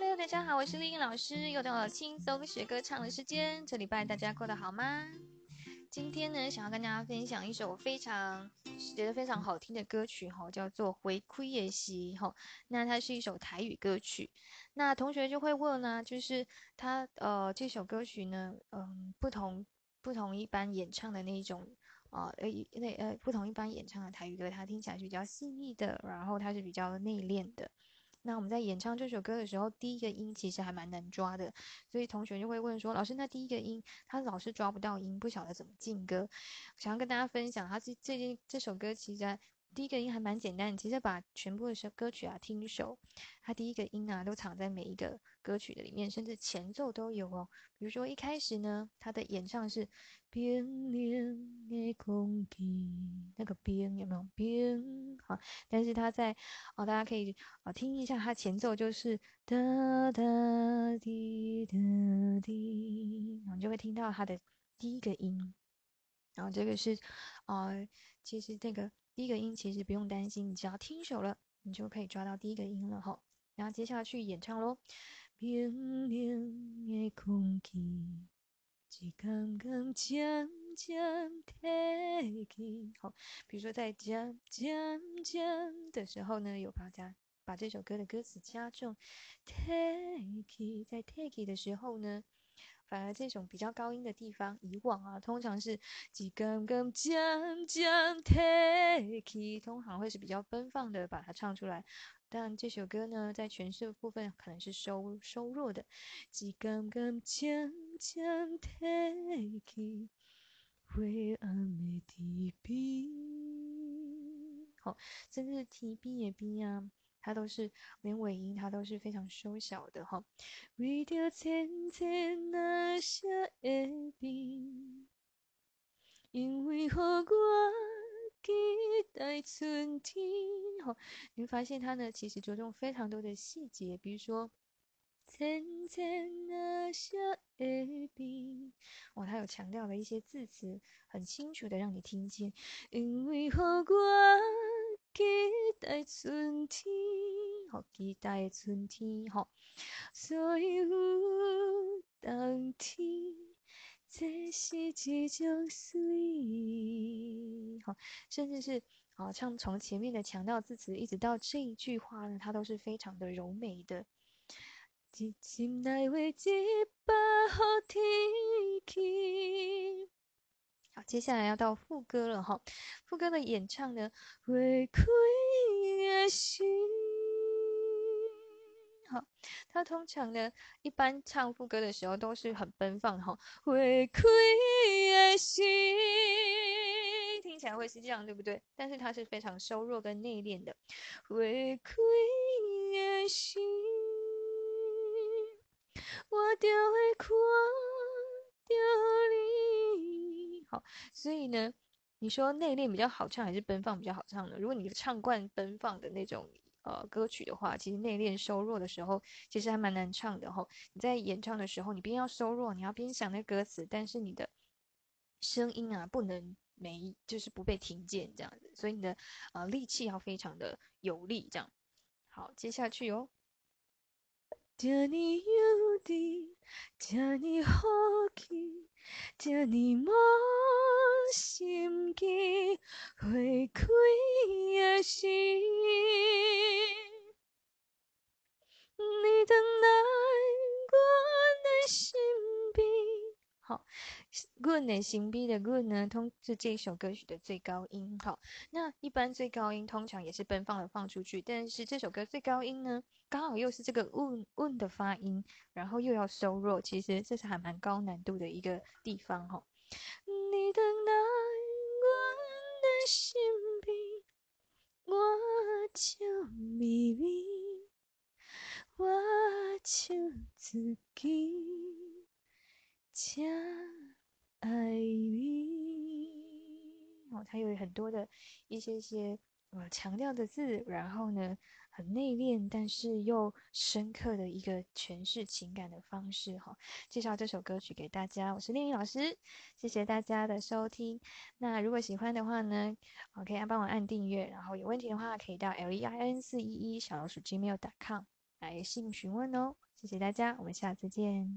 Hello，大家好，我是麗穎老師，又到了輕鬆學歌唱的時間。這禮拜大家過得好嗎？今天呢，想要跟大家分享一首非常覺得非常好聽的歌曲哈，叫做《花開的時》哈、哦。那它是一首台語歌曲。那同學就會問呢，就是它呃這首歌曲呢，嗯、呃，不同不同一般演唱的那一種啊呃那呃不同一般演唱的台語歌，它聽起來是比較細膩的，然後它是比較內斂的。那我們在演唱這首歌的時候，第一個音其實還蠻難抓的，所以同學就會問說：“老師，那第一個音他老是抓不到音，不曉得怎麼進歌。”想要跟大家分享，他最近這首歌其實在。第一個音還蠻簡單，你其實把全部的歌曲啊聽熟，它第一個音啊都藏在每一個歌曲的裡面，甚至前奏都有哦。比如說一開始呢，他的演唱是“邊戀夜空低”，那個“邊”有沒有“邊”？好，但是他在哦，大家可以、哦、聽一下，他前奏就是“噠噠滴噠滴”，然後你就會聽到他的第一個音。然後這個是啊、呃，其實那個。第一個音其實不用擔心，你只要聽熟了，你就可以抓到第一個音了哈。然後接下來去演唱咯。冰冷的空氣，一竿竿漸漸褪去。好，比如說在漸漸漸的時候呢，有把它把這首歌的歌詞加重。褪去，在褪去的時候呢。反而這種比較高音的地方，以往啊，通常是只剛剛將將抬起，通常會是比較奔放的把它唱出來。但這首歌呢，在詮釋的部分可能是收收弱的，只剛剛將將抬起，為阿妹天邊。好，真的是提 B 的 B 啊。它都是連尾音，它都是非常收小的哈。為着淺淺那些的冰，因為何我給待春天？哈，你會發現它呢，其實着重非常多的細節，比如說淺淺那些的冰。哇、哦，它有強調了一些字詞，很清楚的讓你聽見。因為何我。期待春天，好期待春天，好。所以，我當天這是一種碎，好，甚至是好，像從前面的強調字詞，一直到這一句話呢，它都是非常的柔美的。漸漸來會知不好聽。接下來要到副歌了哈，副歌的演唱呢，回歸愛心，哈， 他通常呢，一般唱副歌的時候都是很奔放哈，回歸愛心，聽起來會是這樣對不對？但是它是非常瘦弱跟內斂的，回歸愛心，我就會。所以呢，你說內斂比較好唱，還是奔放比較好唱呢？如果你唱慣奔放的那種呃歌曲的話，其實內斂收弱的時候，其實還蠻難唱的，哦，你在演唱的時候，你邊要收弱，你要邊想那歌詞，但是你的聲音啊不能沒，就是不被聽見這樣子。所以你的呃力氣要，啊，非常的有力，這樣。好，接下去哦。good、嗯嗯、呢，神秘的 good 呢，通是這一首歌曲的最高音，好。那一般最高音通常也是奔放地放出去，但是這首歌最高音呢，剛好又是這個 o、嗯、o、嗯、的發音，然後又要收弱，其實這是還蠻高難度的一個地方，你等待我迷迷我我的心病，自吼。它有很多的一些些呃強調的字，然後呢很內斂，但是又深刻的一個詮釋情感的方式哈。介紹這首歌曲給大家，我是練瑜老師，謝謝大家的收聽。那如果喜歡的話呢，可以幫我按訂閱，然後有問題的話可以到 L E I N 四一一小老鼠 Gmail.com 來信詢問哦。謝謝大家，我們下次見。